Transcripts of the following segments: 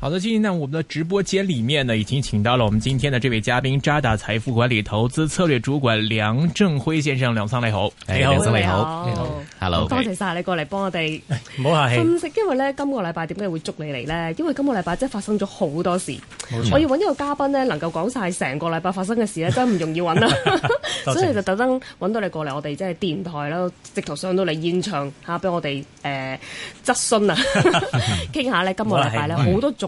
好的，今天呢我們的直播間裏面呢已經請到了我們今天的這位嘉賓，渣打財富管理投資策略主管梁振輝先生，梁生你好。你好，梁生你好，你好，hello。多謝晒你過嚟幫我哋，唔好客氣。分析，因為呢，今個禮拜點解會捉你嚟呢？因為今個禮拜真係發生咗好多事，嗯、我要揾一個嘉賓呢，能夠講晒成個禮拜發生嘅事呢，真係唔容易揾啦， 所以就特登揾到你過嚟我哋即係電台啦，直頭上到嚟現場吓，俾我哋誒質詢啊，傾 下呢今個禮拜呢，好 多種。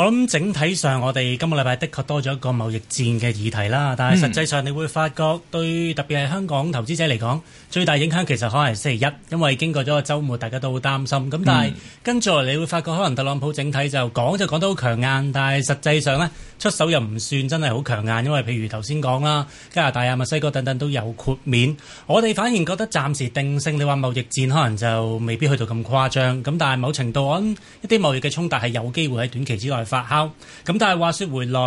我諗整體上，我哋今個禮拜的確多咗一個貿易戰嘅議題啦。但係實際上你會發覺，對特別係香港投資者嚟講，最大影響其實可能係星期一，因為經過咗個周末，大家都好擔心。咁但係跟住嚟，你會發覺可能特朗普整體就講就講得好強硬，但係實際上呢出手又唔算真係好強硬。因為譬如頭先講啦，加拿大啊、墨西哥等等都有豁免。我哋反而覺得暫時定性，你話貿易戰可能就未必去到咁誇張。咁但係某程度，我諗一啲貿易嘅衝突係有機會喺短期之內。發酵咁，但係話說回來，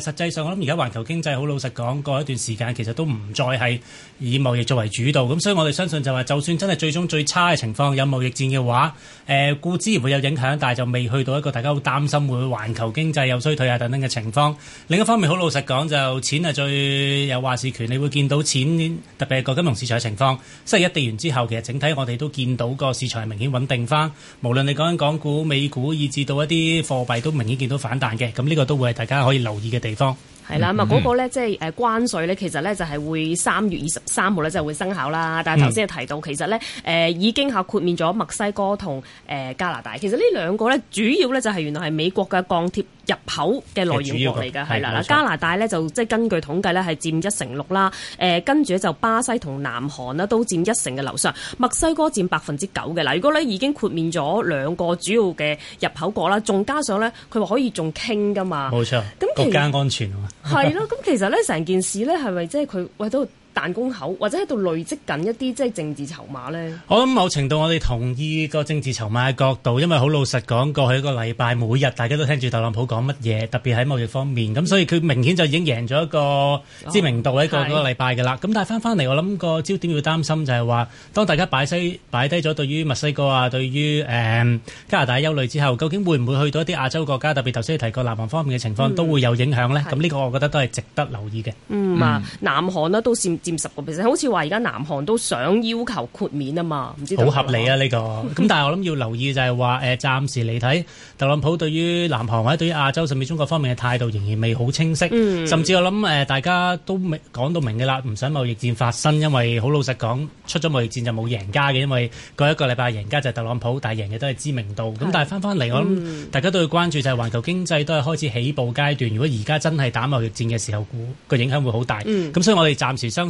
誒實際上我諗而家環球經濟好老實講，過一段時間其實都唔再係以貿易作為主導，咁所以我哋相信就話，就算真係最終最差嘅情況有貿易戰嘅話，誒、呃、固然會有影響，但係就未去到一個大家好擔心會環球經濟有衰退啊、等等嘅情況。另一方面，好老實講就錢係最有話事權，你會見到錢特別係個金融市場嘅情況，星期一跌完之後其實整體我哋都見到個市場係明顯穩定翻，無論你講緊港股、美股，以至到一啲貨幣都明顯見。都反彈嘅，咁、這、呢個都會係大家可以留意嘅地方。係啦，咁啊嗰個咧，即係誒關稅咧，其實咧就係會三月二十三號咧就會生效啦。但係頭先係提到，其實咧誒已經係豁免咗墨西哥同誒加拿大。其實呢兩個咧，主要咧就係原來係美國嘅鋼鐵入口嘅來源國嚟㗎，係啦嗱。加拿大咧就即係根據統計咧係佔一成六啦。誒跟住咧就巴西同南韓咧都佔一成嘅樓上，墨西哥佔百分之九嘅嗱。如果咧已經豁免咗兩個主要嘅入口國啦，仲加上咧佢話可以仲傾㗎嘛？冇錯，國家安全。係 咯，咁其實咧，成件事咧，係咪即係佢為到？彈弓口，或者喺度累積緊一啲即係政治籌碼咧。我諗某程度我哋同意個政治籌碼嘅角度，因為好老實講，過去一個禮拜每日大家都聽住特朗普講乜嘢，特別喺貿易方面，咁、嗯、所以佢明顯就已經贏咗一個知名度一個嗰個禮拜嘅啦。咁、哦、但係翻翻嚟，我諗個焦點要擔心就係話，當大家擺西擺低咗對於墨西哥啊，對於誒、嗯、加拿大憂慮之後，究竟會唔會去到一啲亞洲國家，特別頭先你提過南韓方面嘅情況、嗯，都會有影響呢？咁呢個我覺得都係值得留意嘅。嗯啊，南韓咧、啊、都佔十個 percent，好似話而家南韓都想要求豁免啊嘛，唔知好合理啊呢、呢個。咁但係我諗要留意就係話，誒 暫時嚟睇特朗普對於南韓或者對於亞洲甚至中國方面嘅態度仍然未好清晰、嗯。甚至我諗誒大家都未講到明嘅啦，唔想貿易戰發生，因為好老實講，出咗貿易戰就冇贏家嘅，因為過一個禮拜贏家就係特朗普，但係贏嘅都係知名度。咁但係翻返嚟我諗大家都要關注就係環球經濟都係開始起步階段。如果而家真係打貿易戰嘅時候，估個影響會好大。咁、嗯、所以我哋暫時相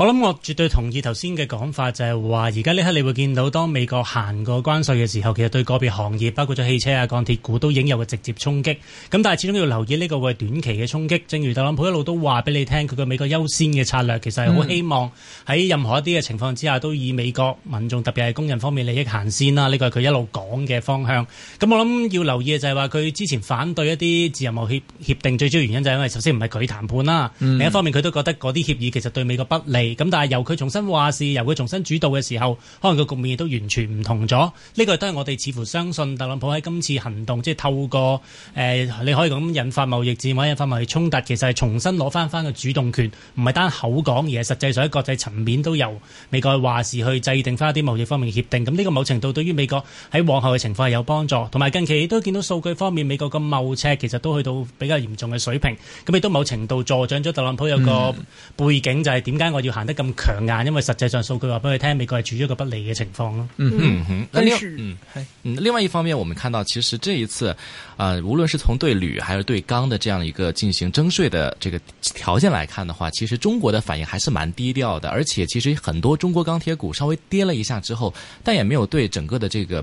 我諗我絕對同意頭先嘅講法，就係話而家呢刻你會見到當美國行過關稅嘅時候，其實對個別行業，包括咗汽車啊、鋼鐵股都已經有個直接衝擊。咁但係始終要留意呢個會係短期嘅衝擊。正如特朗普一路都話俾你聽，佢個美國優先嘅策略，其實係好希望喺任何一啲嘅情況之下，都以美國民眾，特別係工人方面利益行先啦。呢個係佢一路講嘅方向。咁我諗要留意嘅就係話，佢之前反對一啲自由貿易協定，最主要原因就係因為首先唔係佢談判啦、啊，另一方面佢都覺得嗰啲協議其實對美國不利。咁但係由佢重新話事，由佢重新主導嘅時候，可能個局面亦都完全唔同咗。呢個都係我哋似乎相信特朗普喺今次行動，即係透過誒、呃，你可以咁引發貿易戰或者引發貿易衝突，其實係重新攞翻翻個主動權，唔係單口講，而係實際上喺國際層面都由美國話事去制定翻一啲貿易方面嘅協定。咁呢個某程度對於美國喺往後嘅情況係有幫助。同埋近期亦都見到數據方面，美國嘅貿赤其實都去到比較嚴重嘅水平。咁亦都某程度助長咗特朗普有個背景，嗯、就係點解我要行行得咁強硬，因為實際上數據話俾佢聽，美國係處於一個不利嘅情況咯。嗯嗯，嗯嗯，嗯另外一方面，我們看到其實這一次，啊、呃，無論是從對鋁，還是對鋼的這樣一個進行徵稅的這個條件來看的話，其實中國的反應還是蠻低調的，而且其實很多中國鋼鐵股稍微跌了一下之後，但也沒有對整個的這個。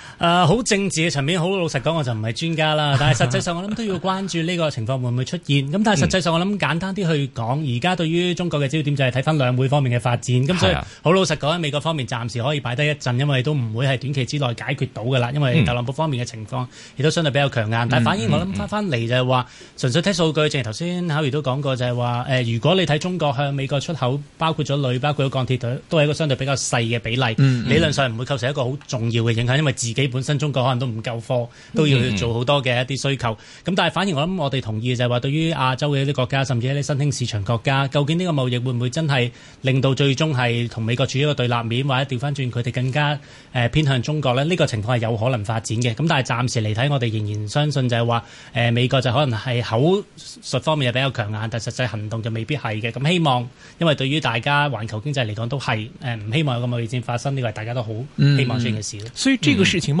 誒、呃、好政治嘅層面，好老實講，我就唔係專家啦。但係實際上，我諗都要關注呢個情況會唔會出現。咁 但係實際上，我諗簡單啲去講，而家對於中國嘅焦點就係睇翻兩會方面嘅發展。咁所以好老實講，喺美國方面暫時可以擺低一陣，因為都唔會係短期之內解決到㗎啦。因為特朗普方面嘅情況亦都相對比較強硬。但係反而我諗翻翻嚟就係話，純粹睇數據，正如頭先考怡都講過，就係、是、話、呃、如果你睇中國向美國出口，包括咗鋁，包括咗鋼鐵，都都係一個相對比較細嘅比例。 理論上唔會構成一個好重要嘅影響，因為自己，本身中國可能都唔夠貨，都要做好多嘅一啲需求。咁但係反而我諗，我哋同意就係話，對於亞洲嘅一啲國家，甚至一啲新興市場國家，究竟呢個貿易會唔會真係令到最終係同美國處於一個對立面，或者調翻轉佢哋更加誒、呃、偏向中國呢？呢、這個情況係有可能發展嘅。咁但係暫時嚟睇，我哋仍然相信就係話，誒、呃、美國就可能係口述方面係比較強硬，但實際行動就未必係嘅。咁希望，因為對於大家環球經濟嚟講，都係誒唔希望有個貿易戰發生呢、這個係大家都好希望出現嘅事、嗯、所以呢個事情、嗯。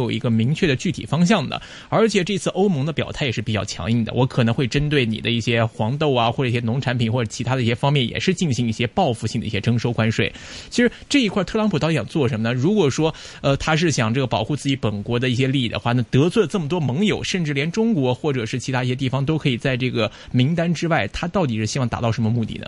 有一個明確的具體方向的，而且這次歐盟的表態也是比較強硬的。我可能會針對你的一些黃豆啊，或者一些農產品，或者其他的一些方面，也是進行一些報復性的一些徵收關稅。其實這一塊，特朗普到底想做什麼呢？如果說，呃，他是想這個保護自己本國的一些利益的話，那得罪了這麼多盟友，甚至連中國或者是其他一些地方都可以在這個名單之外，他到底是希望達到什麼目的呢？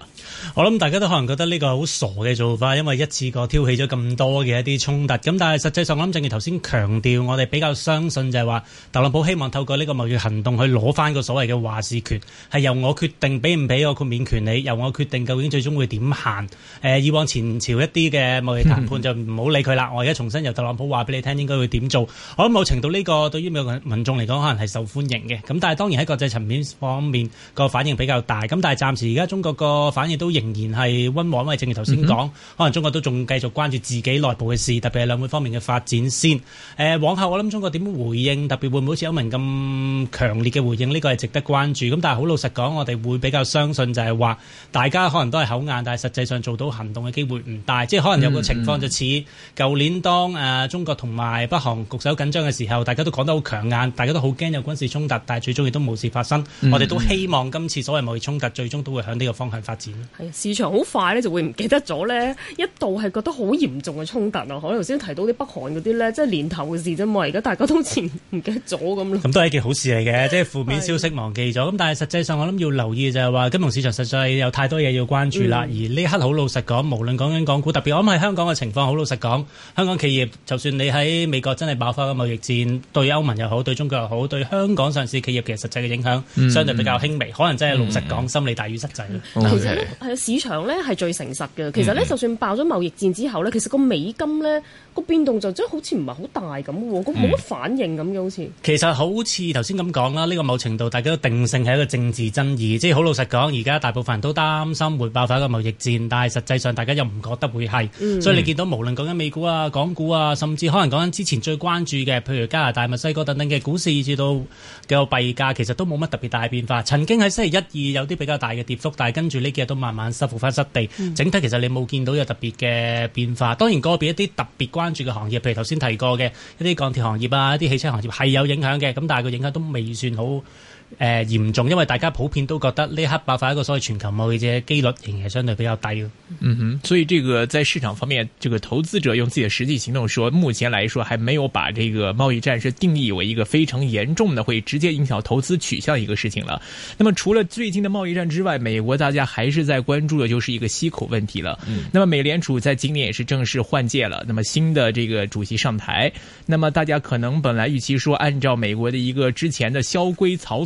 好了，我諗大家都可能覺得呢個好傻嘅做法，因為一次過挑起咗咁多嘅一啲衝突。咁但係實際上我，我諗正如頭先強調。我哋比較相信就係話，特朗普希望透過呢個貿易行動去攞翻個所謂嘅話事權，係由我決定俾唔俾我豁免權利，你由我決定究竟最終會點行。誒、呃，以往前朝一啲嘅貿易談判就唔好理佢啦。我而家重新由特朗普話俾你聽，應該會點做。我諗某程度呢個對於美國民眾嚟講，可能係受歡迎嘅。咁但係當然喺國際層面方面個反應比較大。咁但係暫時而家中國個反應都仍然係溫和，因為正如頭先講，可能中國都仲繼續關注自己內部嘅事，特別係兩會方面嘅發展先。呃往後我諗中國點樣回應，特別會唔會好似歐盟咁強烈嘅回應？呢、這個係值得關注。咁但係好老實講，我哋會比較相信就係話，大家可能都係口硬，但係實際上做到行動嘅機會唔大。即係可能有個情況就似舊、嗯嗯、年當誒中國同埋北韓局勢緊張嘅時候，大家都講得好強硬，大家都好驚有軍事衝突，但係最終亦都冇事發生。嗯嗯我哋都希望今次所謂貿易衝突最終都會向呢個方向發展。係啊，市場好快呢就會唔記得咗呢，一度係覺得好嚴重嘅衝突啊！可能頭先提到啲北韓嗰啲呢，即係年頭嘅事。而家大家都好似唔記得咗咁咯。咁都係一件好事嚟嘅，即係負面消息忘記咗。咁 但係實際上，我諗要留意就係話，金融市場實際有太多嘢要關注啦、嗯。而呢一刻好老實講，無論講緊港股，特別我諗係香港嘅情況，好老實講，香港企業就算你喺美國真係爆發緊貿易戰，對歐盟又好，對中國又好，對香港上市企業其實實際嘅影響相對比較輕微。嗯、可能真係老實講、嗯，心理大於實際、嗯。其實呢，okay. 市場呢係最誠實嘅。其實呢，嗯、就算爆咗貿易戰之後呢，其實個美金呢。個變動就真係好似唔係好大咁喎，佢冇乜反應咁嘅、嗯、好似。其實好似頭先咁講啦，呢個某程度大家都定性係一個政治爭議，即係好老實講，而家大部分人都擔心會爆發一個貿易戰，但係實際上大家又唔覺得會係、嗯，所以你見到無論講緊美股啊、港股啊，甚至可能講緊之前最關注嘅，譬如加拿大、墨西哥等等嘅股市，至到嘅幣價其實都冇乜特別大變化。曾經喺星期一、二有啲比較大嘅跌幅，但係跟住呢幾日都慢慢收復翻失地。整體其實你冇見到有特別嘅變化。當然個別一啲特別關。關注嘅行業，譬如頭先提過嘅一啲鋼鐵行業啊，一啲汽車行業，係有影響嘅，咁但係個影響都未算好。呃嚴重，因為大家普遍都覺得呢刻爆發一個所謂全球貿易戰的機率仍然相對比較低。嗯哼，所以這個在市場方面，這個投資者用自己的實際行動說，目前來說還沒有把這個貿易戰是定義為一個非常嚴重的、會直接影響投資取向一個事情了。那麼除了最近的貿易戰之外，美國大家還是在關注的就是一個息口問題了。那麼美聯儲在今年也是正式換屆了，那麼新的這個主席上台，那麼大家可能本來預期說，按照美國的一個之前的蕭規曹。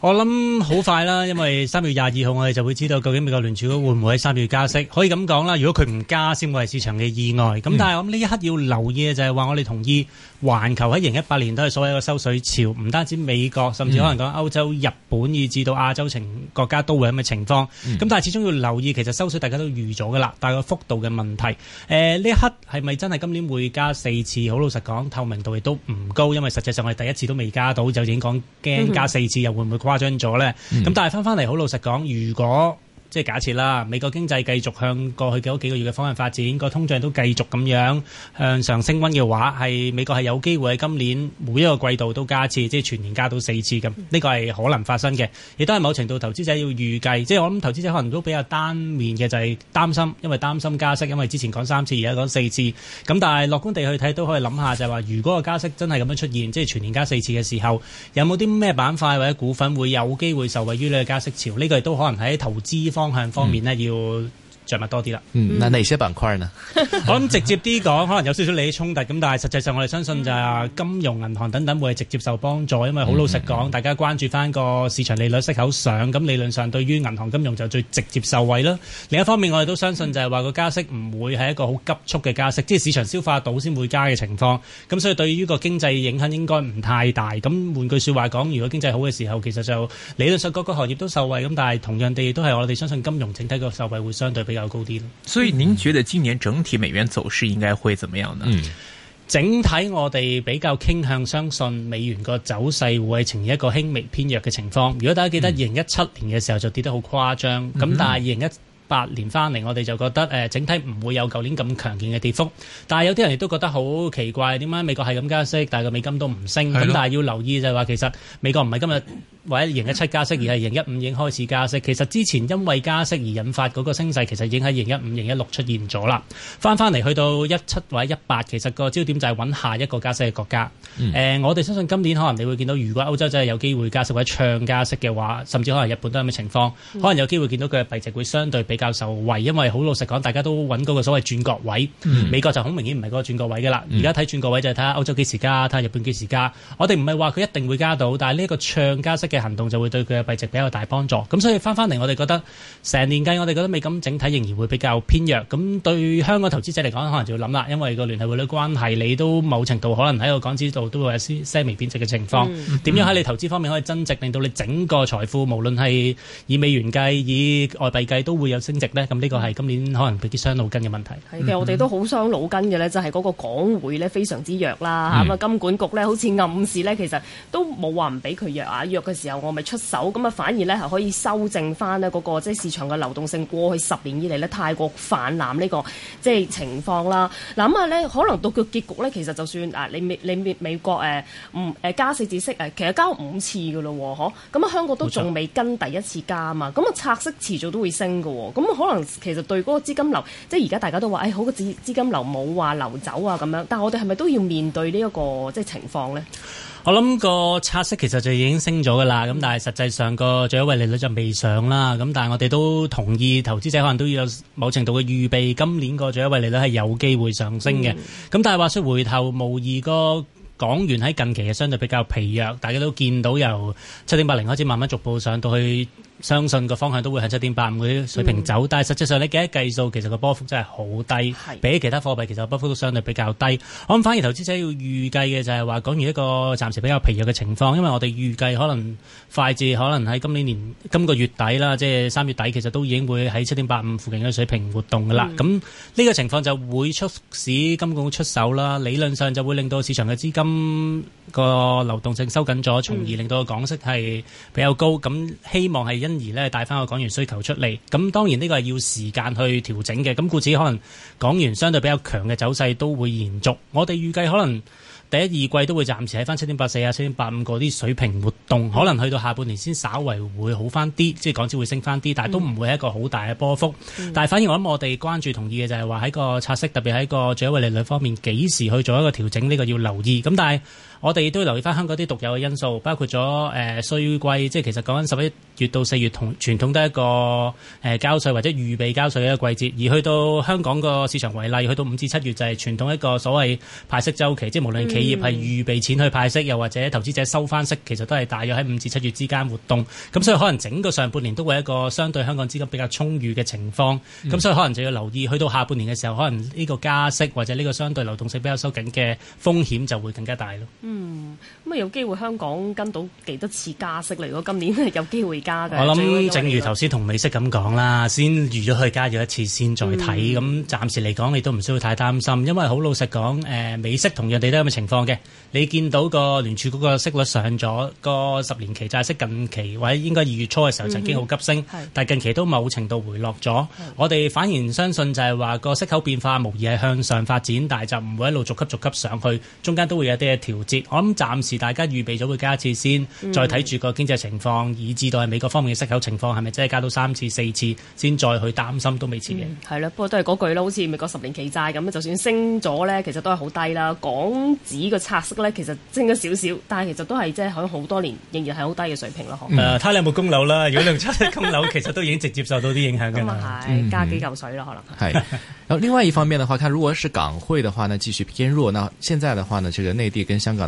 我諗好快啦，因為三月廿二號我哋就會知道究竟美國聯儲會唔會喺三月加息？可以咁講啦，如果佢唔加先會係市場嘅意外。咁但係我諗呢一刻要留意嘅就係話，我哋同意環球喺二零一八年都係所謂一個收水潮，唔單止美國，甚至可能講歐洲、日本以至到亞洲情國家都會咁嘅情況。咁但係始終要留意，其實收水大家都預咗噶啦，但係個幅度嘅問題。誒，呢一刻係咪真係今年會加四次？好老實講，透明度亦都唔高，因為實際上我哋第一次都未加到，就已經講驚加四次又會唔會？誇張咗咧，咁但係翻翻嚟，好老實講，如果，即係假設啦，美國經濟繼續向過去幾多幾個月嘅方向發展，個通脹都繼續咁樣向上升溫嘅話，係美國係有機會喺今年每一個季度都加一次，即係全年加到四次咁，呢個係可能發生嘅。亦都係某程度投資者要預計，即係我諗投資者可能都比較單面嘅，就係擔心，因為擔心加息，因為之前講三次，而家講四次。咁但係樂觀地去睇，都可以諗下就係話，如果個加息真係咁樣出現，即係全年加四次嘅時候，有冇啲咩板塊或者股份會有機會受惠於呢個加息潮？呢個亦都可能喺投資。方向方面呢，要。著物多啲啦，嗯，嗱呢啲板塊呢，我諗直接啲講，可能有少少利益衝突，咁但係實際上我哋相信就係金融、銀行等等會係直接受幫助，因為好老實講，大家關注翻個市場利率息口上，咁理論上對於銀行、金融就最直接受惠啦。另一方面，我哋都相信就係話個加息唔會係一個好急促嘅加息，即係市場消化到先會加嘅情況。咁所以對於個經濟影響應該唔太大。咁換句說話講，如果經濟好嘅時候，其實就理論上各個行業都受惠，咁但係同樣地都係我哋相信金融整體個受惠會相對比較。較高啲，所以您覺得今年整體美元走勢應該會怎麼樣呢？嗯、整體我哋比較傾向相信美元個走勢會呈現一個輕微偏弱嘅情況。如果大家記得二零一七年嘅時候就跌得好誇張，咁、嗯、但係二零一八年翻嚟，我哋就覺得誒整體唔會有舊年咁強健嘅跌幅。但係有啲人亦都覺得好奇怪，點解美國係咁加息，但係個美金都唔升？咁但係要留意就係話，其實美國唔係今日。或者二零一七加息，而係二零一五已經開始加息。其實之前因為加息而引發嗰個升勢，其實已經喺二零一五、二零一六出現咗啦。翻翻嚟去到一七或者一八，其實個焦點就係揾下一個加息嘅國家。誒、嗯呃，我哋相信今年可能你會見到，如果歐洲真係有機會加息或者唱加息嘅話，甚至可能日本都有咩情況，嗯，可能有機會見到佢嘅幣值會相對比較受惠，因為好老實講，大家都揾嗰個所謂轉角位。嗯、美國就好明顯唔係嗰個轉角位嘅啦。而家睇轉角位就係睇下歐洲幾時加，睇下日本幾時加。我哋唔係話佢一定會加到，但係呢一個唱加息嘅行動就會對佢嘅幣值比較大幫助，咁所以翻翻嚟，我哋覺得成年計，我哋覺得美金整體仍然會比較偏弱。咁對香港投資者嚟講，可能就要諗啦，因為個聯繫匯率關係，你都某程度可能喺個港紙度都會有有啲輕微貶值嘅情況。點樣喺你投資方面可以增值，令到你整個財富，無論係以美元計，以外幣計，都會有升值呢？咁呢個係今年可能俾啲傷腦筋嘅問題。其實我哋都好傷腦筋嘅呢，就係嗰個港匯呢非常之弱啦。咁啊，金管局呢好似暗示呢，其實都冇話唔俾佢弱啊，弱嘅。時候我咪出手，咁啊反而咧係可以修正翻呢嗰個即係市場嘅流動性，過去十年以嚟咧太過泛濫呢個即係情況啦。諗下咧，可能到個結局咧，其實就算啊，你美你美美國唔誒、呃、加四指息誒，其實加五次嘅咯嗬。咁啊香港都仲未跟第一次加啊嘛。咁啊拆息遲早都會升嘅。咁可能其實對嗰個資金流，即係而家大家都話誒、哎、好嘅資資金流冇話流走啊咁樣。但係我哋係咪都要面對呢一個即係情況咧？我諗個拆息其實就已經升咗噶啦，咁但係實際上個最優惠利率就未上啦，咁但係我哋都同意，投資者可能都要有某程度嘅預備，今年個最優惠利率係有機會上升嘅。咁、嗯、但係話說回頭無，無疑個港元喺近期係相對比較疲弱，大家都見到由七點八零開始慢慢逐步上到去。相信個方向都會喺七點八五嗰啲水平走低、嗯，但實際上你幾多計數，其實個波幅真係好低，比起其他貨幣其實波幅都相對比較低。我諗反而投資者要預計嘅就係話講完一個暫時比較疲弱嘅情況，因為我哋預計可能快至可能喺今年年今個月底啦，即係三月底，其實都已經會喺七點八五附近嘅水平活動㗎啦。咁、嗯、呢、這個情況就會促使金管局出手啦，理論上就會令到市場嘅資金個流動性收緊咗，從而令到港息係比較高。咁希望係。一。因而呢帶翻個港元需求出嚟，咁當然呢個係要時間去調整嘅。咁故此可能港元相對比較強嘅走勢都會延續。我哋預計可能第一二季都會暫時喺翻七點八四啊、七點八五嗰啲水平活動、嗯，可能去到下半年先稍為會好翻啲，即係港紙會升翻啲，但都唔會係一個好大嘅波幅、嗯。但反而我諗我哋關注、同意嘅就係話喺個拆息，特別喺個最優惠利率方面，幾時去做一個調整？呢、呢個要留意。咁但係。我哋都要留意翻香港啲獨有嘅因素，包括咗誒稅季，即係其實講緊十一月到四月同傳統都係一個誒、呃、交稅或者預備交稅嘅一個季節。而去到香港個市場為例，去到五至七月就係傳統一個所謂派息週期，即係無論企業係預備錢去派息、嗯，又或者投資者收翻息，其實都係大約喺五至七月之間活動。咁所以可能整個上半年都會一個相對香港資金比較充裕嘅情況。咁、嗯、所以可能就要留意，去到下半年嘅時候，可能呢個加息或者呢個相對流動性比較收緊嘅風險就會更加大咯。嗯，咁啊有機會香港跟到幾多次加息嚟？如果今年有機會加嘅，我諗正如頭先同美息咁講啦，先預咗去加咗一次先再睇，咁暫時嚟講你都唔需要太擔心，因為好老實講，誒美息同樣地都有咁嘅情況嘅。你見到個聯儲局個息率上咗個十年期債息，近期或者應該二月初嘅時候曾經好急升，但係近期都某程度回落咗。我哋反而相信就係話個息口變化無疑係向上發展，但係就唔會一路逐級逐級上去，中間都會有啲嘅調整。我諗暫時大家預備咗會加一次先，再睇住個經濟情況，嗯、以至到係美國方面嘅息口情況係咪真係加到三次四次，先再去擔心都未遲嘅。係、嗯、咯，不過都係嗰句咯，好似美國十年期債咁，就算升咗咧，其實都係好低啦。港紙個拆息咧，其實升咗少少，但係其實都係即係喺好多年仍然係好低嘅水平咯。誒、嗯，睇、呃、你有冇供樓啦。 如果你冇拆息供樓， 其實都已經直接受到啲影響嘅。咁啊係，加幾嚿水咯可能。係，然後另外一方面嘅話，佢如果是港匯嘅話，呢繼續偏弱。那現在嘅話呢，這個內地跟香港，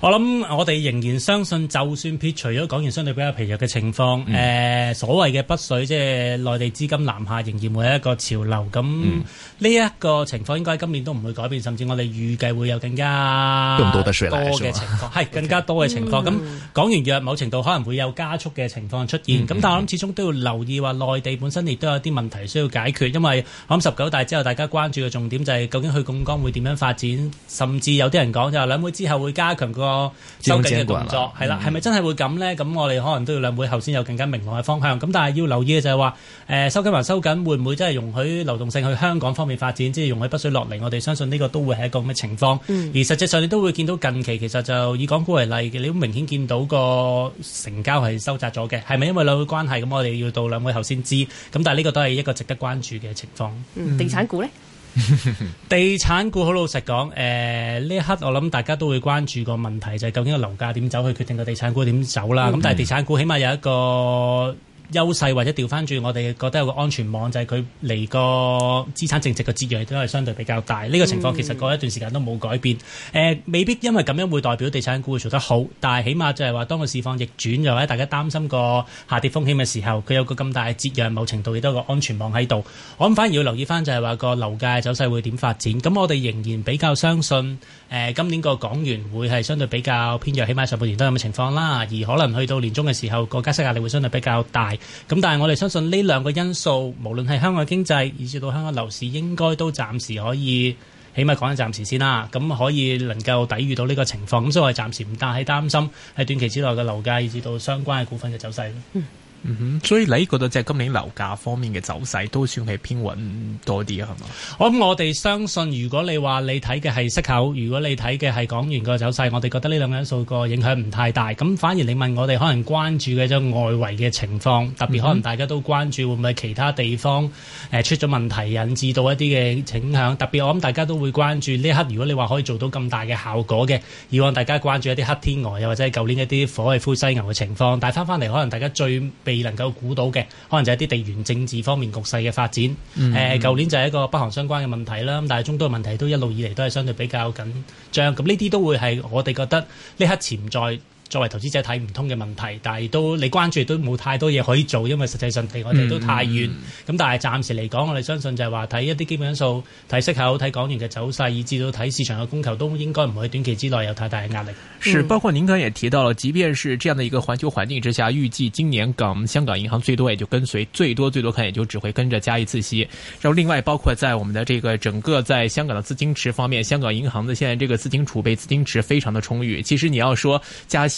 我諗我哋仍然相信，就算撇除咗港元相對比較疲弱嘅情況，誒所謂嘅北水即係內地資金南下仍然會有一個潮流。咁呢一個情況應該今年都唔會改變，甚至我哋預計會有更加多嘅情況，係更加多嘅情況。咁港元弱，某程度可能會有加速嘅情況出現。咁但係我諗始終都要留意話，內地本身亦都有啲問題需要解決。因為我諗十九大之後，大家關注嘅重點就係究竟去…個收緊嘅動作係啦，係咪真係會咁呢？咁我哋可能都要兩會後先有更加明朗嘅方向。咁但係要留意嘅就係話，誒，收緊還收緊，會唔會真係容許流動性去香港方面發展，即係容許筆水落嚟？我哋相信呢個都會係一個咁嘅情況。而實際上你都會見到近期其實就以港股為例嘅，你都明顯見到個成交係收窄咗嘅，係咪因為兩會關係？咁我哋要到兩會後先知。咁但係呢個都係一個值得關注嘅情況。地產股呢？ 地產股好老實講，誒呢一刻我諗大家都會關注個問題就係、是、究竟個樓價點走，去決定個地產股點走啦。咁但係地產股起碼有一個。優勢或者調翻轉，我哋覺得有個安全網就係佢嚟個資產淨值嘅節約都係相對比較大。呢、這個情況其實過一段時間都冇改變。誒、嗯呃，未必因為咁樣會代表地產股會做得好，但係起碼就係話當個市況逆轉又或者大家擔心個下跌風險嘅時候，佢有個咁大嘅節約，某程度亦都有個安全網喺度。我諗反而要留意翻就係話個樓價走勢會點發展。咁我哋仍然比較相信誒、呃、今年個港元會係相對比較偏弱，起碼上半年都係咁嘅情況啦。而可能去到年中嘅時候，個加息壓力會相對比較大。咁但係我哋相信呢兩個因素，無論係香港經濟，以至到香港樓市，應該都暫時可以，起碼講緊暫時先啦。咁可以能夠抵禦到呢個情況，咁所以我哋暫時唔但係擔心喺短期之內嘅樓價，以至到相關嘅股份嘅走勢。嗯嗯哼，所以你覺得即係今年樓價方面嘅走勢都算係偏穩多啲啊，係嘛？我諗我哋相信，如果你話你睇嘅係息口，如果你睇嘅係港元個走勢，我哋覺得呢兩因素個影響唔太大。咁反而你問我哋，可能關注嘅就外圍嘅情況，特別可能大家都關注會唔會其他地方誒出咗問題引致到一啲嘅影響。特別我諗大家都會關注呢刻，如果你話可以做到咁大嘅效果嘅，以往大家關注一啲黑天鵝，又或者係舊年一啲火氣灰犀牛嘅情況，但翻翻嚟可能大家最未能夠估到嘅，可能就係一啲地緣政治方面局勢嘅發展。嗯，嗯，誒，舊年就係一個北韓相關嘅問題啦。咁但係中東嘅問題都一路以嚟都係相對比較緊張。咁呢啲都會係我哋覺得呢刻潛在。作為投資者睇唔通嘅問題，但係都你關注都冇太多嘢可以做，因為實際上離我哋都太遠。咁、嗯、但係暫時嚟講，我哋相信就係話睇一啲基本因素、睇息口、睇港元嘅走勢，以至到睇市場嘅供求，都應該唔會短期之內有太大嘅壓力。是，嗯、包括您剛也提到了，即便是這樣的一個環球環境之下，預計今年港香港銀行最多也就跟隨，最多最多可能也就只會跟着加一次息。然後另外包括在我們的這個整個在香港嘅資金池方面，香港銀行嘅現在這個資金儲備、資金池非常的充裕。其實你要說加息。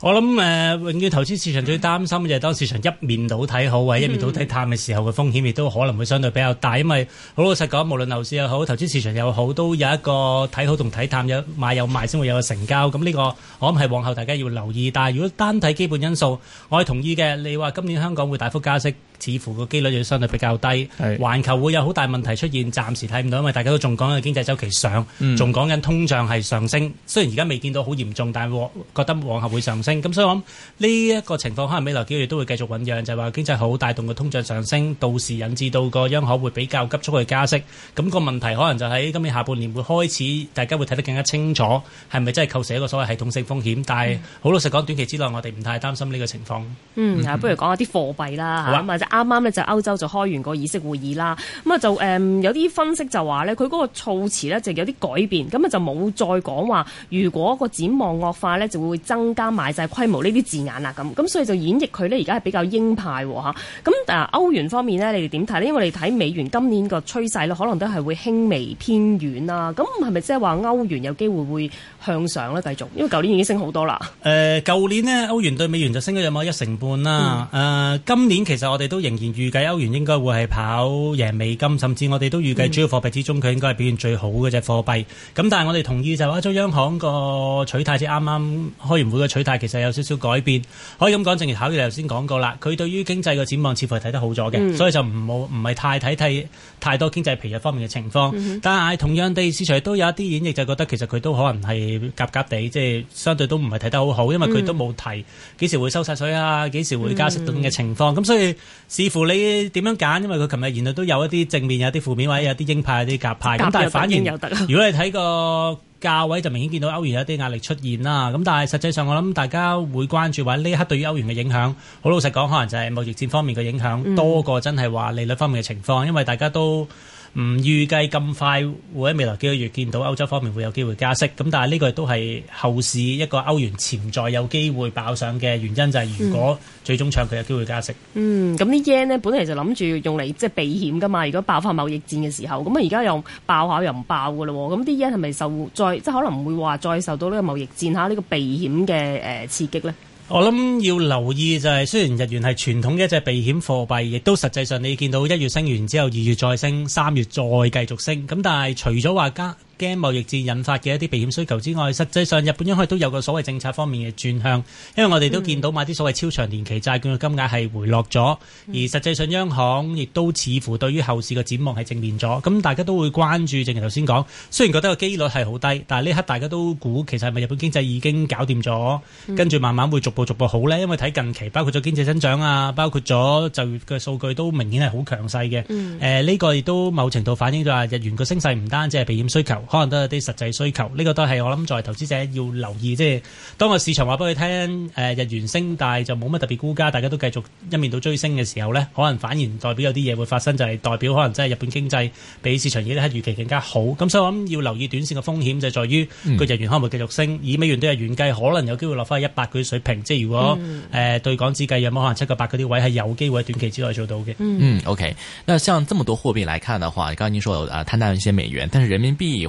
我諗誒、呃，永遠投資市場最擔心嘅就係當市場一面倒睇好，或者一面倒睇淡嘅時候嘅風險，亦都可能會相對比較大。因為好老實講，無論樓市又好，投資市場又好，都有一個睇好同睇淡有買有賣先會有個成交。咁呢個我諗係往後大家要留意。但如果單睇基本因素，我係同意嘅。你話今年香港會大幅加息？似乎個機率就相對比較低，環球會有好大問題出現，暫時睇唔到，因為大家都仲講緊經濟週期上，仲講緊通脹係上升。雖然而家未見到好嚴重，但係覺得往後會上升。咁所以我諗呢一個情況可能未來幾個月都會繼續醞釀，就係話經濟好帶動個通脹上升，到時引致到個央行會比較急速去加息。咁個問題可能就喺今年下半年會開始，大家會睇得更加清楚係咪真係構成一個所謂系統性風險。但係好老實講，短期之內我哋唔太擔心呢個情況。嗯，啊，不如講下啲貨幣啦，咁啊啫。啱啱呢，就歐洲就開完個議息會議啦，咁啊就誒有啲分析就話呢，佢嗰個措辭呢，就有啲改變，咁啊就冇再講話如果個展望惡化呢，就會增加買債規模呢啲字眼啦，咁咁所以就演繹佢呢，而家係比較鷹派喎。咁啊歐元方面呢，你哋點睇呢？因為我哋睇美元今年個趨勢咧，可能都係會輕微偏軟啦。咁係咪即係話歐元有機會會向上呢？繼續，因為舊年已經升好多啦。誒，舊年呢，歐元對美元就升咗有冇一成半啦、嗯？今年其實我哋都仍然預計歐元應該會係跑贏美金，甚至我哋都預計主要貨幣之中佢應該係表現最好嘅隻貨幣。咁但係我哋同意就係話，中央行個取態即啱啱開完會嘅取態，其實有少少改變，可以咁講。正如考爾頭先講過啦，佢對於經濟嘅展望似乎係睇得好咗嘅，所以就唔冇唔係太睇太太多經濟疲弱方面嘅情況。但係同樣地，市場亦都有一啲演繹，就覺得其實佢都可能係夾夾地，即係相對都唔係睇得好好，因為佢都冇提幾時會收晒水啊，幾時會加息等嘅情況。咁所以似乎你點樣揀，因為佢琴日原來都有一啲正面，有啲負面位，或者有啲鷹派，有啲鴿派。咁但係反而，如果你睇個價位，就明顯見到歐元有啲壓力出現啦。咁但係實際上，我諗大家會關注話呢一刻對於歐元嘅影響。好老實講，可能就係貿易戰方面嘅影響多過真係話利率方面嘅情況，嗯，因為大家都。唔預計咁快會喺未來幾個月見到歐洲方面會有機會加息，咁但係呢個亦都係後市一個歐元潛在有機會爆上嘅原因，就係、是、如果最終唱佢有機會加息。嗯，咁啲 yen 呢本嚟就諗住用嚟即係避險㗎嘛，如果爆發貿易戰嘅時候，咁啊而家又爆下又唔爆㗎喎。咁啲 yen 係咪受再即係可能唔會話再受到呢個貿易戰下呢、這個避險嘅、呃、刺激咧？我諗要留意就係，雖然日元係傳統嘅一隻避險貨幣，亦都實際上你見到一月升完之後，二月再升，三月再繼續升，咁但係除咗話加。驚貿易戰引發嘅一啲避險需求之外，實際上日本央行都有個所謂政策方面嘅轉向，因為我哋都見到買啲所謂超長年期債券嘅金額係回落咗，而實際上央行亦都似乎對於後市嘅展望係正面咗，咁大家都會關注。正如頭先講，雖然覺得個機率係好低，但係呢刻大家都估其實係咪日本經濟已經搞掂咗，跟住慢慢會逐步逐步好呢，因為睇近期包括咗經濟增長啊，包括咗就業嘅數據都明顯係好強勢嘅。誒、嗯，呢、呃呢個亦都某程度反映咗話日元嘅升勢唔單止係避險需求。可能都有啲實際需求，呢個都係我諗作為投資者要留意，即係當個市場話俾佢聽，誒日元升大，但係就冇乜特別估價，大家都繼續一面倒追升嘅時候呢，可能反而代表有啲嘢會發生，就係代表可能真係日本經濟比市場啲咧係預期更加好。咁所以我諗要留意短線嘅風險就係在於個日元可能會繼續升，以美元兌日元計，可能有機會落翻去一百嗰啲水平。即係如果，嗯，呃，對港紙計有冇可能七個八嗰啲位係有機會喺短期之內做到嘅嗯，O K。Okay. 那像咁多貨幣嚟看嘅話，剛才您說有啊貪淡一些美元，但是人民幣。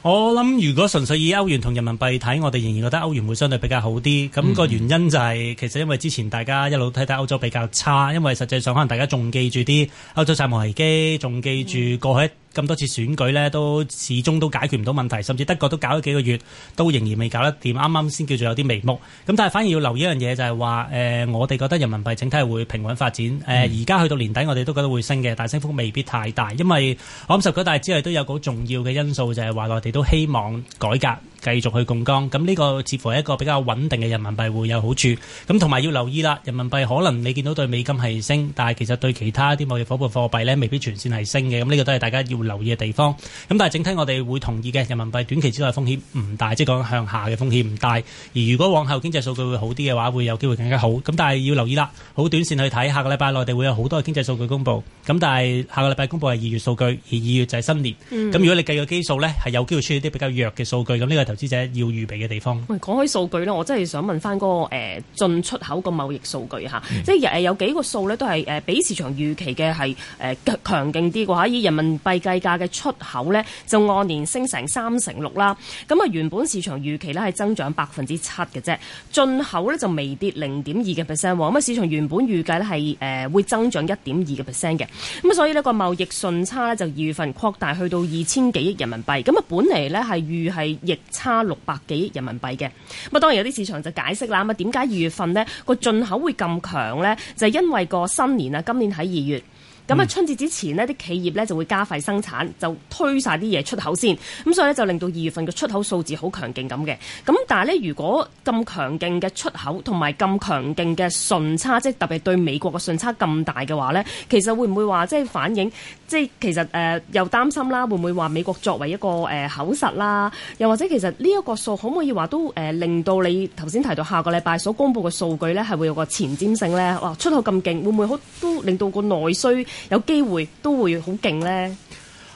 我諗如果純粹以歐元同人民幣睇，我哋仍然覺得歐元會相對比較好啲。咁個原因就係其實因為之前大家一路睇睇歐洲比較差，因為實際上可能大家仲記住啲歐洲債務危機，仲記住過去咁多次選舉呢都始終都解決唔到問題，甚至德國都搞咗幾個月都仍然未搞得掂，啱啱先叫做有啲眉目。咁但係反而要留意一樣嘢就係話誒，我哋覺得人民幣整體會平穩發展。誒，而家去到年底，我哋都覺得會升嘅，但係升幅未必太大，因為我諗十九大之內都有個好重要嘅因素就係話內地。都希望改革。繼續去槓桿，咁呢個似乎係一個比較穩定嘅人民幣會有好處，咁同埋要留意啦，人民幣可能你見到對美金係升，但係其實對其他一啲某啲貨幣貨幣呢未必全線係升嘅，咁呢個都係大家要留意嘅地方。咁但係整體我哋會同意嘅，人民幣短期之內風險唔大，即係講向下嘅風險唔大。而如果往後經濟數據會好啲嘅話，會有機會更加好。咁但係要留意啦，好短線去睇，下個禮拜內地會有好多經濟數據公布。咁但係下個禮拜公布係二月數據，而二月就係新年。咁如果你計個基數呢，係有機會出現一啲比較弱嘅數據。咁呢個投資者要預備嘅地方。講開數據咧，我真係想問翻嗰、嗰個誒進出口個貿易數據嚇、嗯，即係有幾個數咧都係誒比市場預期嘅係誒強勁啲嘅話，以人民幣計價嘅出口呢，就按年升成三成六啦。咁啊原本市場預期呢係增長百分之七嘅啫，進口呢就微跌零點二嘅 percent 喎。咁市場原本預計咧係誒會增長一點二嘅 percent 嘅。咁所以呢個貿易順差呢，就二月份擴大去到二千幾億人民幣。咁啊本嚟呢係預係逆。差六百幾人民幣嘅，咁啊當然有啲市場就解釋啦，咁點解二月份呢個進口會咁強呢？就係、是、因為個新年啊，今年喺二月，咁、嗯、啊春節之前呢啲企業呢就會加快生產，就推晒啲嘢出口先，咁所以咧就令到二月份嘅出口數字好強勁咁嘅。咁但係咧，如果咁強勁嘅出口同埋咁強勁嘅順差，即係特別對美國嘅順差咁大嘅話呢，其實會唔會話即係反映？即係其實誒、呃、又擔心啦，會唔會話美國作為一個誒、呃、口實啦？又或者其實呢一個數可唔可以話都誒、呃、令到你頭先提到下個禮拜所公佈嘅數據咧，係會有個前瞻性咧？哇！出口咁勁，會唔會好都令到個內需有機會都會好勁咧？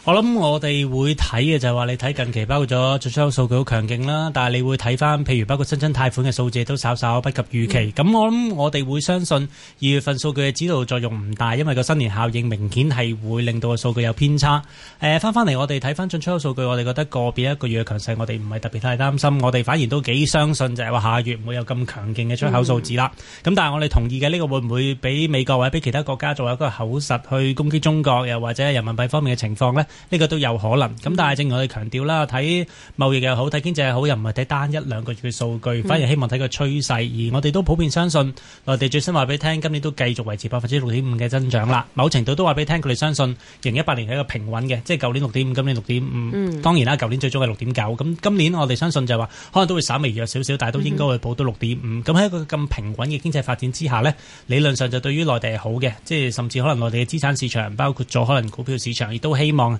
我諗我哋會睇嘅就係話你睇近期包括咗進出口數據好強勁啦，但係你會睇翻譬如包括新增貸款嘅數字都稍稍不及預期。咁、嗯、我諗我哋會相信二月份數據嘅指導作用唔大，因為個新年效應明顯係會令到個數據有偏差。誒、呃，翻翻嚟我哋睇翻進出口數據，我哋覺得個別一個月嘅強勢，我哋唔係特別太擔心。我哋反而都幾相信就係話下個月唔會有咁強勁嘅出口數字啦。咁、嗯、但係我哋同意嘅呢、這個會唔會俾美國或者俾其他國家做一個口實去攻擊中國，又或者人民幣方面嘅情況呢？呢個都有可能，咁但係正如我哋強調啦，睇貿易又好，睇經濟又好，又唔係睇單一兩個月嘅數據，反而希望睇個趨勢。而我哋都普遍相信，內地最新話俾你聽，今年都繼續維持百分之六點五嘅增長啦。某程度都話俾你聽，佢哋相信，二零一八年係一個平穩嘅，即係舊年六點五，今年六點五。當然啦，舊年最早係六點九，咁今年我哋相信就係話，可能都會稍微弱少少，但係都應該會保到六點五。咁喺一個咁平穩嘅經濟發展之下呢，理論上就對於內地係好嘅，即係甚至可能內地嘅資產市場，包括咗可能股票市場，亦都希望，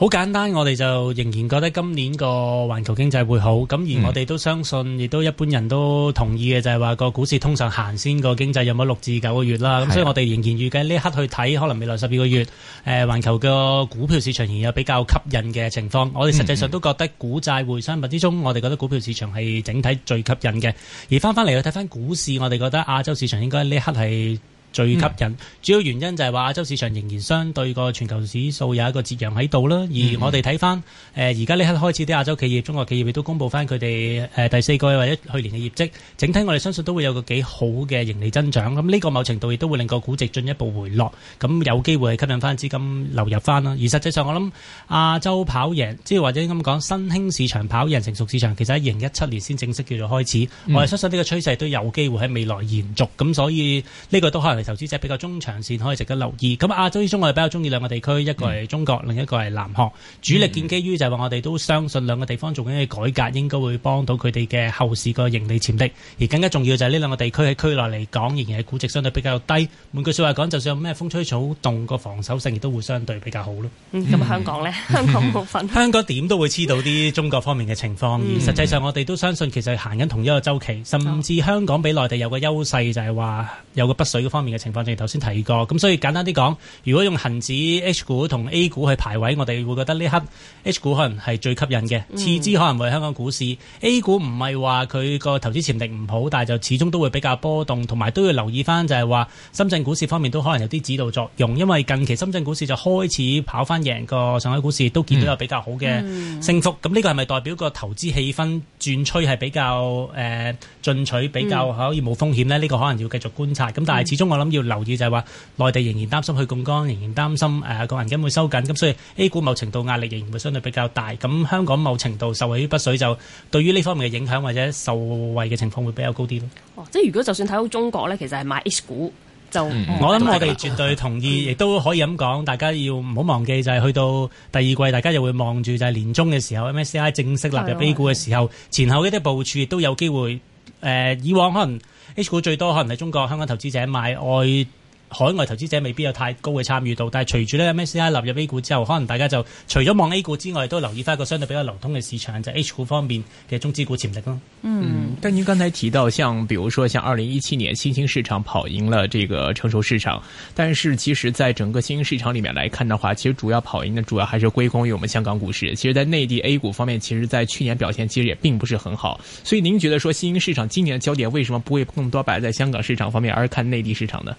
好簡單，我哋就仍然覺得今年個環球經濟會好，咁而我哋都相信，亦、嗯、都一般人都同意嘅，就係話個股市通常行先個經濟有冇六至九個月啦。咁、啊、所以我哋仍然預計呢一刻去睇，可能未來十二個月，誒、呃、環球個股票市場仍然有比較吸引嘅情況。嗯、我哋實際上都覺得股債匯商品之中，我哋覺得股票市場係整體最吸引嘅。而翻翻嚟去睇翻股市，我哋覺得亞洲市場應該呢一刻係。最吸引、嗯、主要原因就係話亞洲市場仍然相對個全球指數有一個折讓喺度啦，而我哋睇翻誒、而家呢刻開始啲亞洲企業、中國企業亦都公布翻佢哋誒、第四季或者去年嘅業績，整體我哋相信都會有個幾好嘅盈利增長，咁呢個某程度亦都會令個估值進一步回落，咁有機會去吸引翻資金流入翻啦。而實際上我諗亞洲跑贏，即係或者咁講，新興市場跑贏成熟市場，其實喺二零一七年先正式叫做開始。我哋相信呢個趨勢都有機會喺未來延續，咁所以呢個都可能。投資者比較中長線可以值得留意。咁亞洲之中，我哋比較中意兩個地區，嗯、一個係中國，另一個係南韓、嗯。主力建基於就係話，我哋都相信兩個地方做緊嘅改革，應該會幫到佢哋嘅後市個盈利潛力。而更加重要就係呢兩個地區喺區內嚟講，仍然係估值相對比較低。換句說話講，就算有咩風吹草動，個防守性亦都會相對比較好咯。咁香港呢，香港部分，香港點都會黐到啲中國方面嘅情況、嗯。而實際上，我哋都相信其實行緊同一個周期，甚至香港比內地有個優勢，就係話有個不水嘅方面。嘅情況，你頭先提過，咁所以簡單啲講，如果用恒指 H 股同 A 股去排位，我哋會覺得呢刻 H 股可能係最吸引嘅。次之可能會係香港股市、嗯、A 股唔係話佢個投資潛力唔好，但係就始終都會比較波動，同埋都要留意翻，就係話深圳股市方面都可能有啲指導作用。因為近期深圳股市就開始跑翻贏個上海股市，都見到有比較好嘅升幅。咁、嗯、呢個係咪代表個投資氣氛轉趨係比較誒、呃、進取，比較可以冇風險呢？呢、呢個可能要繼續觀察。咁但係始終我。我諗要留意就係話，內地仍然擔心去槓桿，仍然擔心誒個銀根會收緊，咁所以 A 股某程度壓力仍然會相對比較大。咁香港某程度受惠於北水，就對於呢方面嘅影響或者受惠嘅情況會比較高啲咯。哦，即係如果就算睇好中國咧，其實係買 H 股就，我諗我哋絕對同意，亦都可以咁講。大家要唔好忘記就係去到第二季，大家又會望住就係年中嘅時候，MSCI 正式納入 A 股嘅時候，前後一啲部署亦都有機會誒，以往可能。H 股最多可能係中國香港投資者買外。海外投資者未必有太高嘅參與度，但係隨住呢 MSCI 納入 A 股之後，可能大家就除咗望 A 股之外，都留意翻一個相對比較流通嘅市場，就係、H 股方面嘅中資股潛力咯、嗯。嗯，但您剛才提到，像，比如說，像二零一七年，新興市場跑贏了這個成熟市場，但是其實在整個新興市場裏面來看的話，其實主要跑贏嘅主要還是歸功於我們香港股市。其實在內地 A 股方面，其實在去年表現其實也並不是很好。所以您覺得，說新興市場今年嘅焦點為什麼不會更多擺在香港市場方面，而係看內地市場呢？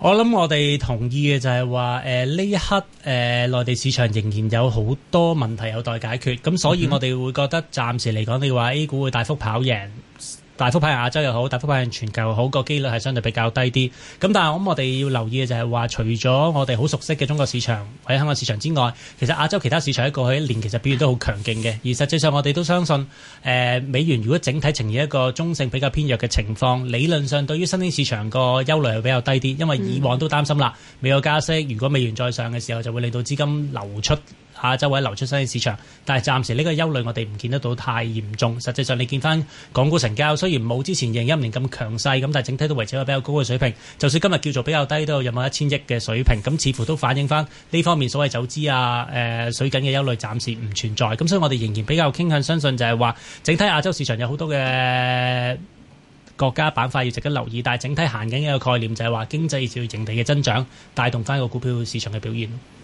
我諗我哋同意嘅就係話，呃、呢一刻，誒、呃、內地市場仍然有好多問題有待解決，咁所以我哋會覺得暫時嚟講、嗯，你話 A 股會大幅跑贏。大幅派人亞洲又好，大幅派人全球又好，個機率係相對比較低啲。咁但係我我哋要留意嘅就係話，除咗我哋好熟悉嘅中國市場或者香港市場之外，其實亞洲其他市場喺過去一年其實表現都好強勁嘅。而實際上我哋都相信，誒、呃、美元如果整體呈現一個中性比較偏弱嘅情況，理論上對於新興市場個憂慮係比較低啲，因為以往都擔心啦，美國加息，如果美元再上嘅時候就會令到資金流出。亞洲位流出新嘅市場，但係暫時呢個憂慮我哋唔見得到太嚴重。實際上，你見翻港股成交雖然冇之前二零一五年咁強勢，咁但係整體都維持一個比較高嘅水平。就算今日叫做比較低都有冇一千億嘅水平，咁似乎都反映翻呢方面所謂走資啊、呃、水緊嘅憂慮暫時唔存在。咁所以我哋仍然比較傾向相信就係話整體亞洲市場有好多嘅國家板塊要值得留意，但係整體行緊嘅一個概念就係話經濟要盈利嘅增長帶動翻個股票市場嘅表現。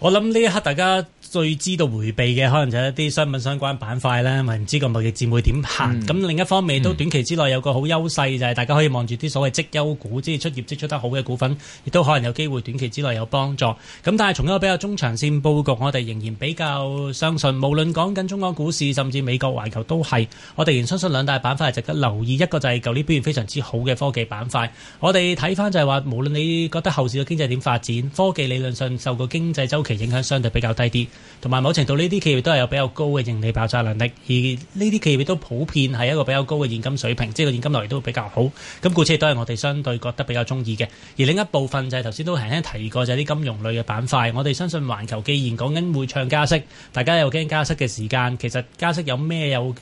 我諗呢一刻大家最知道回避嘅，可能就係一啲商品相關板塊咪唔知個貿易戰會點行。咁、嗯、另一方面都短期之內有個好優勢就係、是、大家可以望住啲所謂績優股，即係出業績出得好嘅股份，亦都可能有機會短期之內有幫助。咁但係從一個比較中長線佈局，我哋仍然比較相信，無論講緊中港股市，甚至美國環球都係，我哋仍然相信兩大板塊係值得留意。一個就係舊年表現非常之好嘅科技板塊。我哋睇翻就係、是、話，無論你覺得後市嘅經濟點發展，科技理論上受到經濟周期。其影響相對比較低啲，同埋某程度呢啲企業都係有比較高嘅盈利爆炸能力，而呢啲企業都普遍係一個比較高嘅現金水平，即係個現金流亦都比較好。咁故此亦都係我哋相對覺得比較中意嘅。而另一部分就係頭先都輕輕提過，就係啲金融類嘅板塊，我哋相信環球既然講緊會唱加息，大家又驚加息嘅時間，其實加息有咩有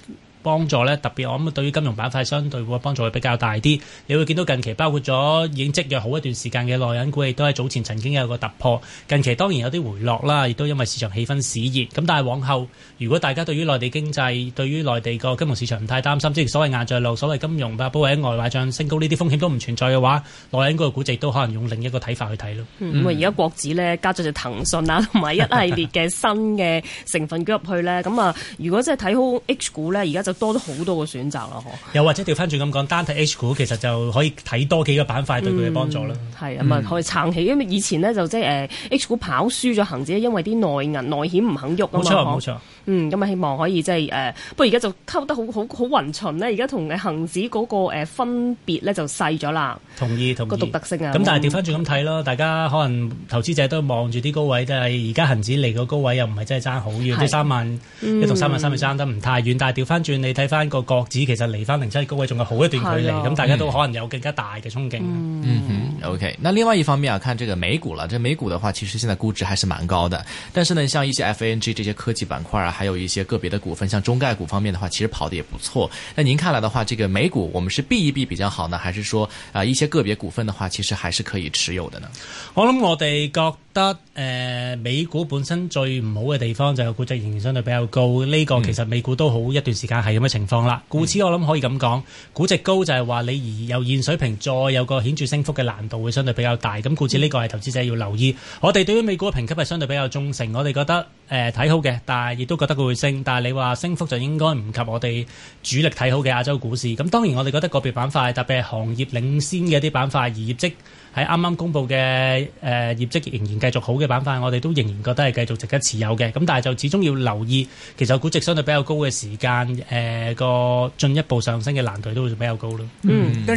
幫助呢，特別我諗對於金融板塊，相對會幫助會比較大啲。你會見到近期包括咗已經積約好一段時間嘅內銀股，亦都喺早前曾經有個突破。近期當然有啲回落啦，亦都因為市場氣氛使然。咁但係往後，如果大家對於內地經濟、對於內地個金融市場唔太擔心，即係所謂硬著陸、所謂金融包括喺外匯帳升高呢啲風險都唔存在嘅話，內銀股個估值都可能用另一個睇法去睇咯。咁、嗯、啊，而、嗯、家國指呢，加咗隻騰訊啊，同埋一系列嘅新嘅成分股入去呢。咁啊，如果真係睇好 H 股呢，而家就多咗好多個選擇啦，又、嗯、或者調翻轉咁講，單睇 H 股其實就可以睇多幾個板塊對佢嘅幫助啦。係、嗯、啊，咪可以撐起。因為以前呢，就即係誒 H 股跑輸咗恒指，因為啲內銀內險唔肯喐。冇錯冇錯。嗯，咁啊、嗯、希望可以即係誒，不過而家就溝得好好好混循呢。而家同嘅恆指嗰個誒分別咧就細咗啦。同意同意個獨特性啊。咁、嗯、但係調翻轉咁睇咯，大家可能投資者都望住啲高位，但係而家恒指嚟個高位又唔係真係爭好遠，即係三萬一同三萬三就爭得唔太遠。但係調翻轉。你睇翻個國指，其實離翻零七高位仲有好一段距離，咁大家都可能有更加大嘅憧憬。嗯，OK。那另外一方面啊，看這個美股啦，這個、美股的話，其實現在估值還是蠻高的。但是呢，像一些 FANG 這些科技板塊啊，還有一些個別的股份，像中概股方面的話，其實跑得也不錯。那您看來的話，這個美股我們是避一避比較好呢，還是說啊，一些個別股份的話，其實還是可以持有的呢？我諗我哋覺得、呃，美股本身最唔好嘅地方就係估值仍然相對比較高。呢、這個其實美股都好一段時間。係咁嘅情況啦，故此我諗可以咁講，估值高就係話你而由現水平，再有個顯著升幅嘅難度會相對比較大。咁故此呢個係投資者要留意。嗯、我哋對於美股嘅評級係相對比較中性，我哋覺得誒睇、呃、好嘅，但係亦都覺得佢會升。但係你話升幅就應該唔及我哋主力睇好嘅亞洲股市。咁當然我哋覺得個別板塊，特別係行業領先嘅一啲板塊，而業績。喺啱啱公布嘅誒、呃、業績仍然繼續好嘅板塊，我哋都仍然覺得係繼續值得持有嘅。咁但係就始終要留意，其實估值相對比較高嘅時間，誒、呃、個進一步上升嘅難度都會比較高咯。嗯，跟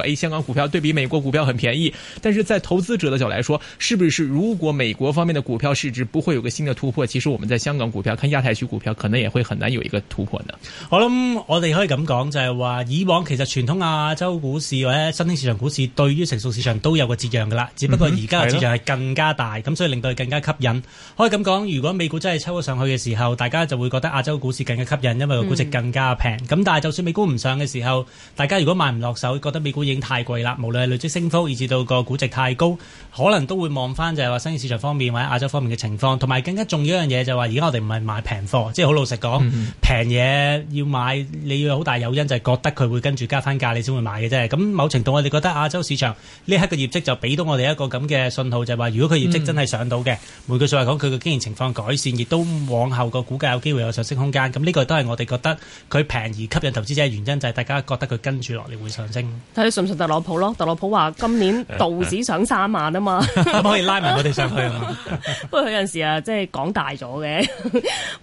A、哎、香港股票對比美國股票很便宜，但是在投資者的角度來說，是不是，是如果美國方面的股票市值不會有個新的突破，其實我們在香港股票、看亞太區股票可能也會很難有一個突破呢？我諗我哋可以咁講，就係、是、話以往其實傳統亞洲股市或者新興市場股市對於成熟市場都有個折讓噶啦，只不過而家嘅折讓係更加大，咁、嗯嗯、所以令到更加吸引。可以咁講，如果美股真係抽咗上去嘅時候，大家就會覺得亞洲股市更加吸引，因為個估值更加平。咁、嗯、但係就算美股唔上嘅時候，大家如果買唔落手，會覺得美股。已經太貴啦。無論係累積升幅，以至到個估值太高，可能都會望翻就係話新興市場方面或者亞洲方面嘅情況。同埋更加重要一樣嘢，就係話，而家我哋唔係買平貨，即係好老實講，平、嗯、嘢、嗯、要買你要好大誘因就係、是、覺得佢會跟住加翻價，你先會買嘅啫。咁某程度我哋覺得亞洲市場呢一刻嘅業績就俾到我哋一個咁嘅信號，就係、是、話如果佢業績真係上到嘅，換、嗯、句話講，佢嘅經營情況改善，亦都往後個股價有機會有上升空間。咁呢個都係我哋覺得佢平而吸引投資者嘅原因，就係、是、大家覺得佢跟住落嚟會上升。信唔信特朗普咯？特朗普話今年道指上三萬啊嘛 可以拉埋佢哋上去 不過佢有陣時啊，即係講大咗嘅。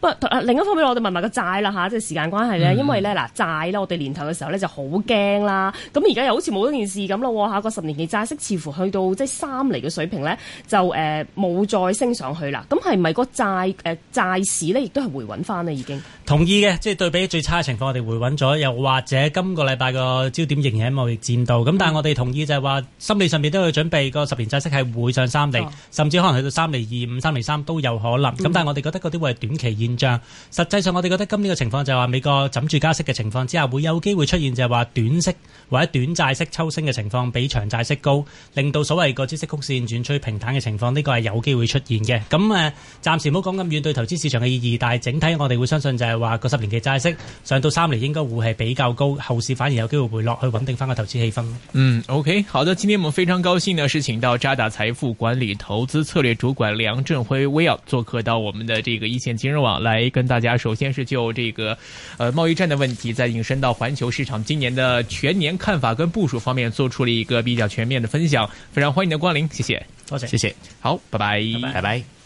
不，另一方面我哋問埋個債啦吓，即係時間關係咧，嗯、因為咧嗱債咧，我哋年頭嘅時候咧就好驚啦。咁而家又好似冇咗件事咁咯吓，下個十年期債息似乎去到即係三厘嘅水平咧，就誒冇、呃、再升上去啦。咁係咪個債誒債市咧亦都係回穩翻啦已經？同意嘅，即係對比最差嘅情況，我哋回穩咗，又或者今個禮拜個焦點仍然喺貿易戰度。咁但係我哋同意就係話，心理上面都要準備個十年債息係會上三厘、哦，甚至可能去到三厘、二、五、三厘三、三都有可能。咁但係我哋覺得嗰啲會係短期現象。實際上我哋覺得今年嘅情況就係話，美國枕住加息嘅情況之下，會有機會出現就係話短息或者短債息抽升嘅情況比長債息高，令到所謂個知識曲線轉趨平坦嘅情況，呢、這個係有機會出現嘅。咁誒，暫時唔好講咁遠對投資市場嘅意義，但係整體我哋會相信就係、是。話個十年嘅債息上到三厘，應該會係比較高，後市反而有機會回落，去穩定翻個投資氣氛。嗯，OK，好的，今天我們非常高興呢，是請到渣打財富管理投資策略主管梁振輝威爾做客到我們的這個一線金融網，來跟大家，首先是就這個，呃，貿易戰的問題，再引申到環球市場今年的全年看法跟部署方面，做出了一個比較全面的分享。非常歡迎你的光臨，謝謝，多謝，謝謝，謝謝，好，拜拜，拜拜。拜拜。